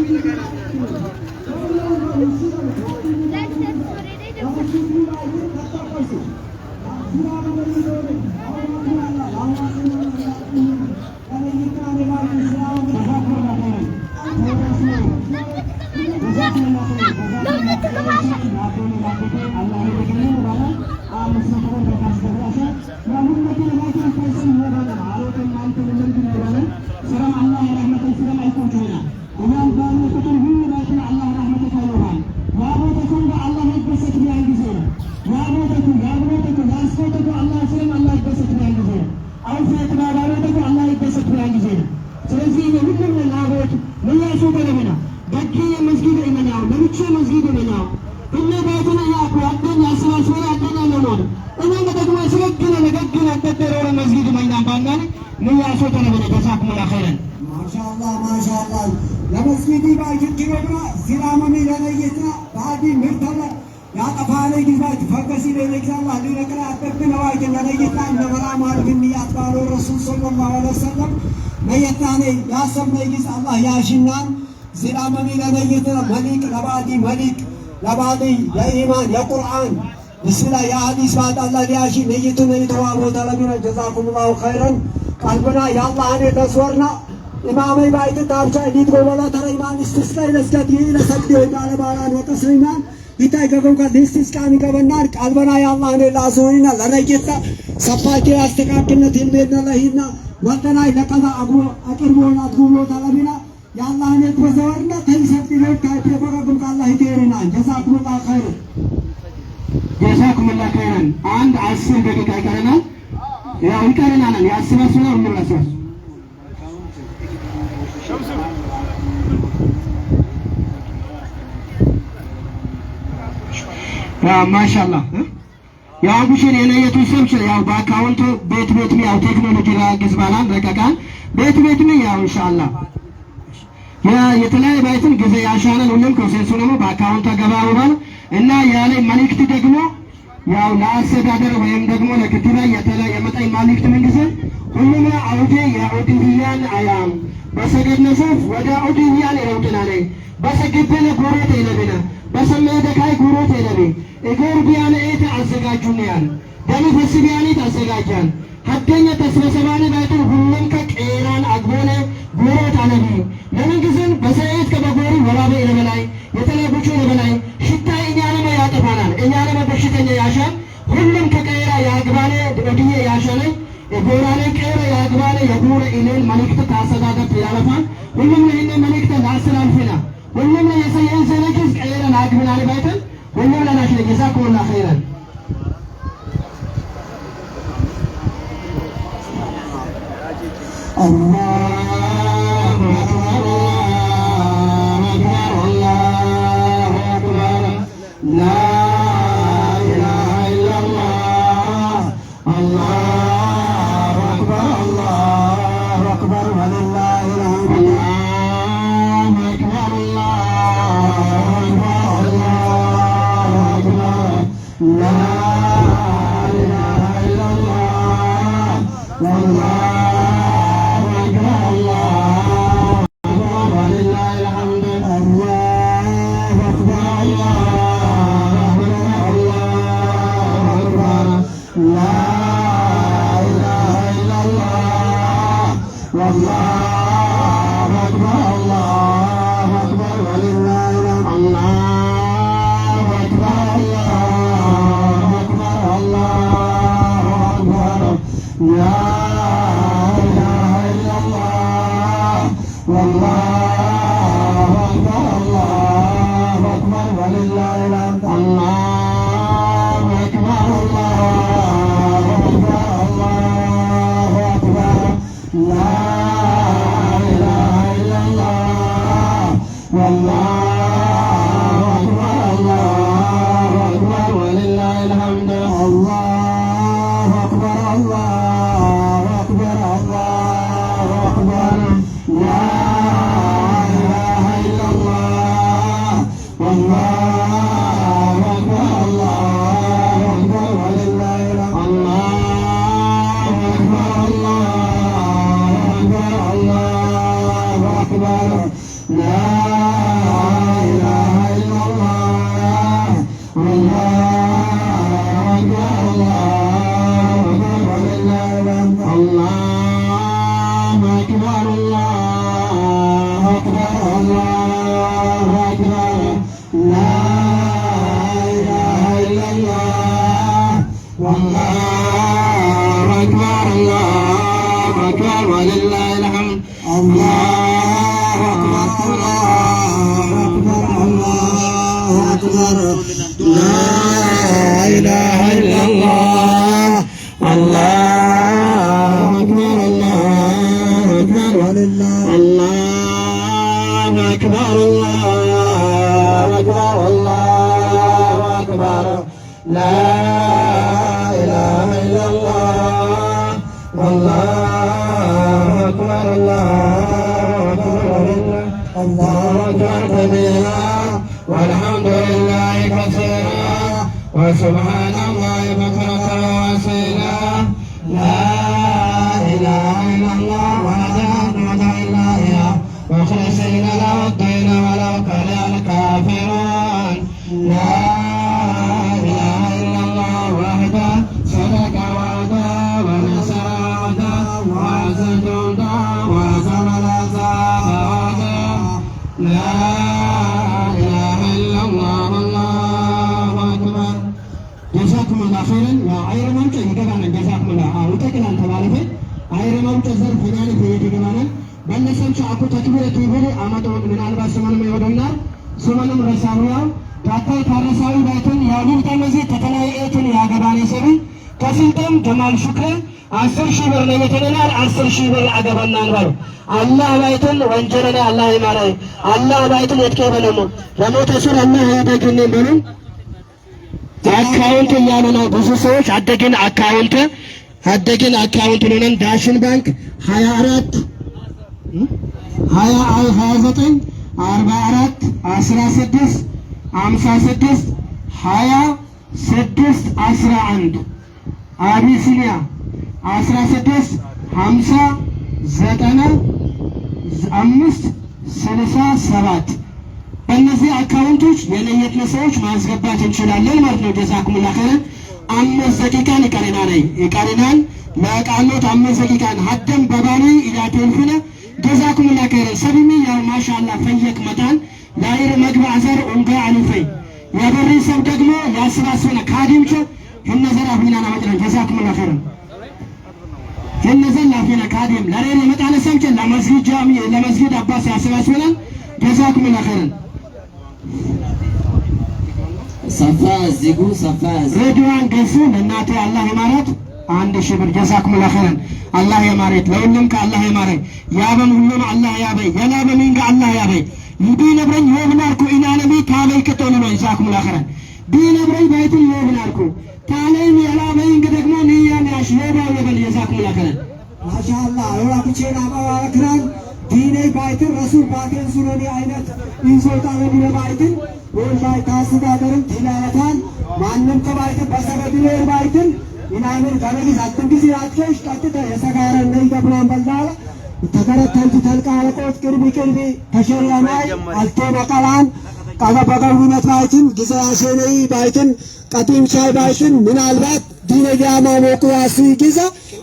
Let's get ready to ለብቻ ነው ሁሌ በየትነ ያኩ ያደኛ ስራስራ ያደኛ ለሞድ እናንተ ደግሞ ስለግነ ለገግነ ተደረረ መስጊድ መይና ባናል ንያሶ ተነበረ ተሳክሙላ ኸይረን ማሻአላ ማሻአላ ለመስጊድ ባይት ኪሮብራ ሲራመሚ ለለየትና ባዲ ምርተለ ያጠፋለ ጊዛት ፈቀሲ ለለግዛላ ሊረክራ አጠብነ ባይት ለለየታ እንደበራ ማርግን ያጥባሎ ረሱል ሰለላሁ ዐለይሂ ወሰለም ለየታኔ ያሰብነ ጊዝ አላህ ያሽናን ሲዳመኒ ለነይትነ መሊቅ ለባዲ መሊቅ ለባዲ የኢማን የቁርአን ብስላ የአዲስ ባጣላ ሊያሺ ነይቱ ነይተዋ ቦታ ለሚነ ጀዛኩምላሁ ኸይረን ቀልብና የአላህን የተስወርና ኢማመይ ባይት ታብቻ እንዲት ጎበላ ተረ ኢማን ስትስቀይ ለስከት ይለሰክዲ ወዳለ ባላን ወቀስሪናን ይታይ ገገምካ ሊስቲስቃሚ ገበናን ቀልበና የአላህን ላስሆኒና ለነይታ ሰፋቴ አስተካክነት ይልሜድና ለሂድና ወጠናይ ለቀዛ አቅርቦና ትጉቦታ ለሚና የአላህን የተወዘወርነ ተንሰጥሎች ታይቴቆረጉም ከአላህ ይቴርና ጀዛኩምላ ኸይር ጀዛኩምላ ኸይረን። አንድ አስር ደቂቃ ይቀረናል። ያው ይቀረናል። የአስበሱ ነው የምንረሰሱ ማሻላ ያው ጉሽን የለየቱ ሰምች ያው በአካውንቱ ቤት ቤት ያው ቴክኖሎጂ ላይ ግዝባላን ረቀቃን ቤት ቤት ያው ኢንሻአላህ የተለያየ ባይትን ጊዜ ያሻለን ሁሉም ፕሮሴሱ ደግሞ በአካውንት ተገባብሯል እና ያለ መልእክት ደግሞ ያው ለአስተዳደር ወይም ደግሞ ለክትባ የመጣኝ መልእክት ምንጊዜም ሁሉም አውዴ የአውድያን አያም በሰገድ ነሱፍ ወደ አውድያን ይረውጥናለ በሰግቤነ ጉሮት የለብነ በሰሜደካይ ጉሮት የለብ እግር ቢያነ ኤት አዘጋጁንያል ደሚ ፈስቢያኔት አዘጋጃል ሀደኛ ተስበሰባኔ ባይትን ሁሉም ከቄራ Allah. ولله الحمد الله أكبر الله أكبر الله أكبر لا إله إلا الله الله أكبر الله أكبر ولله الله أكبر الله أكبر الله أكبر لا اللهم انت بنا والحمد لله كثيرا وسبحان ሳንያው ታታይ ፓሪሳዊ ባይቱን ያሉል ተመዜ ተተናየትን ያገባኔ ሰሪ ከስልጣን ጀማል ሹክረ አስር ሺህ ብር ነው የተለናል። አስር ሺህ ብር አገባና አንባሉ አላህ ባይቱን ወንጀለና አላህ ይማራይ አላህ ባይቱን የትከበለሙ ለሞተ ሰው አላህ ያደግነ ብሉ አካውንት እያሉ ነው ብዙ ሰዎች አደግን አካውንት አደግን አካውንት ሆነን ዳሽን ባንክ 24 29 አርባ አራት አስራ ስድስት አምሳ ስድስት ሀያ ስድስት አስራ አንድ አቢሲኒያ አስራ ስድስት ሀምሳ ዘጠና አምስት ስልሳ ሰባት በእነዚህ አካውንቶች የለየትን ሰዎች ማስገባት እንችላለን ማለት ነው። ጀዛኩሙላ ኸይረን። አምስት ደቂቃን ይቀረናል ይቀሪናል ለቃሎት አምስት ደቂቃን ሀደም በባኒ ኢዳቴልፍነ ጀዛኩም ለከረ ሰብሚ ያው ማሻላ ፈየቅ መጣል ዳይር መግባ ዘር ኡንጋ አልፈይ የበሪ ሰብ ደግሞ ያስባስበነ ካዲምቾ የነዘር አፊና ናመጥነ ጀዛኩም ለከረ የነዘር ላፊና ካዲም ለሬር የመጣለ ሰብቸ ለመስጊድ ጃሚ ለመስጊድ አባስ ያስባስበናል ጀዛኩም ለከረ ሰፋ እዚጉ ሰፋ ሬድዋን ገሱ ለእናቴ አላህ ይማራት አንድ ሺህ ብር ጀዛኩሙላ ኸይረን። አላህ የማሬት ለሁሉም ከአላህ የማሬ ያበም ሁሉም አላህ ያበይ የላበሚን ከአላህ ያበይ ቢነብረኝ የብናርኩ ኢናለቢ ታለይ ክቶን ነው ጀዛኩሙላ ኸይረን። ነብረኝ ባይትን የብናርኩ ታለይም የላበይን ደግሞ ንያን ያሽ የባው የበል ጀዛኩሙላ ኸይረን። ማሻአላ ወራክቼና ማዋክራን ዲኔ ባይትን ረሱል ባቴን ሱነኒ አይነት ኢንሶታ ወዲነ ባይትን ወይ ባይታ አስተዳደርን ማንም ከባይትን በሰበድ ነው ባይትን ይናይምን ቀበሊስ አትንጊዜ አትሸሽ ቀጥተ የሰጋረ ነይ ገብሮን በልዳለ ተከረተንቱ ተልቃለቆት ቅርቢ ቅርቢ ተሸሪያናይ አልቴ መቀላን ቀበ በገብነት ባይትን ጊዜ አሸነይ ባይትን ቀጢም ሻይ ባይትን ምናልባት ዲነዲያማ ሞቁ ያሱ ጊዜ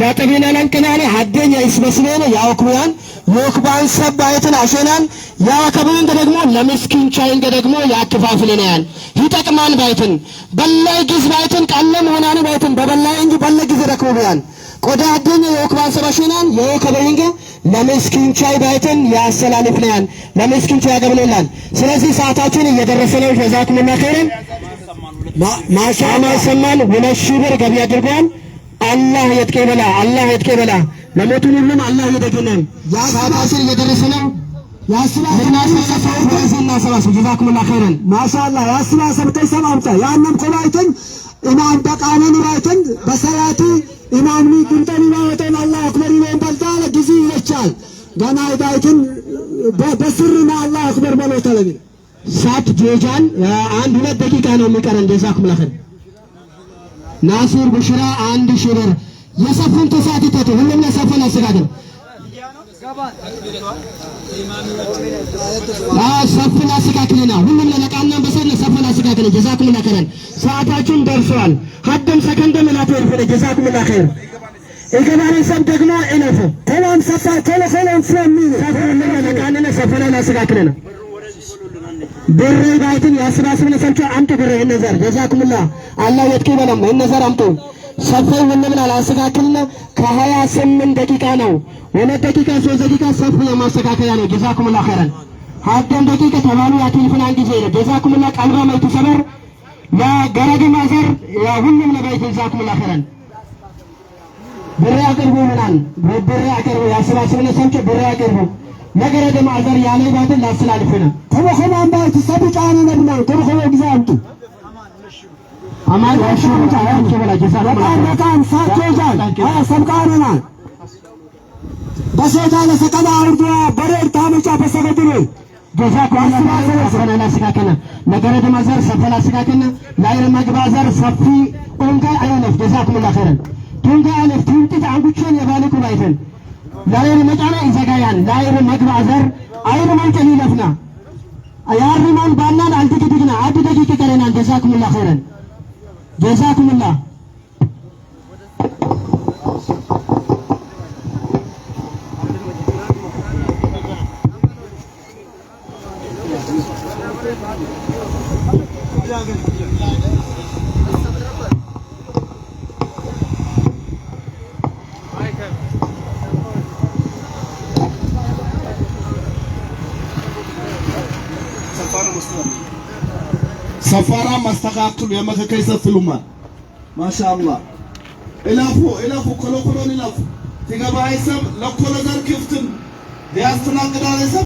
ለጥቢነ ለንቅናኔ ሀደኛ ይስበስቤነ ያወክሙያን የወክባን ሰባየትን አሸናን ያወከብን ደግሞ ለምስኪን ቻይን ደግሞ ያትፋፍልናያን ይጠቅማን ባይትን በላይ ጊዝ ባይትን ቀለም ሆናን ባይትን በበላይ እንጂ በለ ጊዜ ረክቡብያን ቆዳ ሀደኛ የወክባን ሰብ አሸናን የወከበይንገ ለምስኪን ቻይ ባይትን ያስተላልፍናያን ለምስኪን ቻይ ያገብነላል። ስለዚህ ሰዓታችን እየደረሰ ነው። ጀዛኩሙላሁ ኸይረን ማሻማ ይሰማን ሁለት ሺህ ብር ገቢ አድርጓል። አላህ የትከ ይበላ፣ አላህ የትከ ይበላ። መሞቱን ሁሉም አላህ ይደግነን። ያ እየደረሰ ነው። ሳት ጄጃን አንድ ሁለት ደቂቃ ነው የሚቀረን እንደዛ አክምላኸን ናሱር ቡሽራ አንድ ሺህ ብር የሰፉን ተሳትፈቱ። ሁሉም የሰፉን አስተካክል። ሰፉን አስተካክልና ሁሉም ለለቃና በሰል ሰፉን አስተካክል። ጀዛኩም ላ ኸይር። ሰዓታችሁን ደርሰዋል። ሀደም ሰከንደም ላትወርፉ ጀዛኩም ላ ኸይር። ሰብ ደግሞ እለፉ። ተላም ሰፋ ተለፈለም ስለሚሉ ሰፉን ለለቃና ሰፉን አስተካክልና ብር ባይትን ያስባስብ ለሰርቹ አንተ ብር እነዛር ጀዛኩምላ አላህ ወጥቂ በለም እነዛር አምጡ ሰፈው እንብላል አስተካክልና ከሀያ ስምንት ደቂቃ ነው። ወነ ደቂቃ ሶስት ደቂቃ ሰፍ የማስተካከያ ነው። ጀዛኩምላ ኸይረን ሀደም ደቂቃ ተባሉ ያቴልፍን አንድ ጊዜ ነው። ጀዛኩምላ ቀልባ መይቱ ሰበር ለገረግ ማዘር ሁሉም ለባይት ጀዛኩምላ ኸይረን ብር አቅርቡ ምናን ብር አቅርቡ ያስባስብ ለሰርቹ ብር አቅርቡ ነገረ ደማዘር ያለባትን ላስተላልፈና ተበኸማ አምባርቲ ሰብጫኑ ነድና ተበኸማ ጊዜ አምጡ አማር ወሹ ታውቁ ወላ ጀሳራ በጣም ሳቶጃል አያ ሰብቃናና በሰታ ለሰቀዳ አርዶ በሬድ ታመጫ በሰገድሩ ገዛ ኳስባ ሰፈና ላስካከና ነገረ ደማዘር ሰፈላ ስካከና ላይረ መግባዘር ሰፊ ኦንጋ አይነፍ ገዛ ኩላ ኸረን ቱንካ አለፍ ቱንጥት አንጉቸን የባለቁ ባይተን ላይር መጫና ይዘጋያል። ላይር መግባ ዘር አይር መንጨን ይለፍና ያሪማን ባናን አልትክትግና አድ ደቂቅ ቀረናል ጀዛኩሙላ ኸይረን ጀዛኩሙላ ሰፈራ ማስተካከሉ የመከከ ይሰፍሉማ ማሻአላ እላፉ እላፉ ኮሎኮሎን እላፉ ትገባ አይሰብ ለኮሎ ዘር ክፍትን ሊያስተናግዳል አይሰብ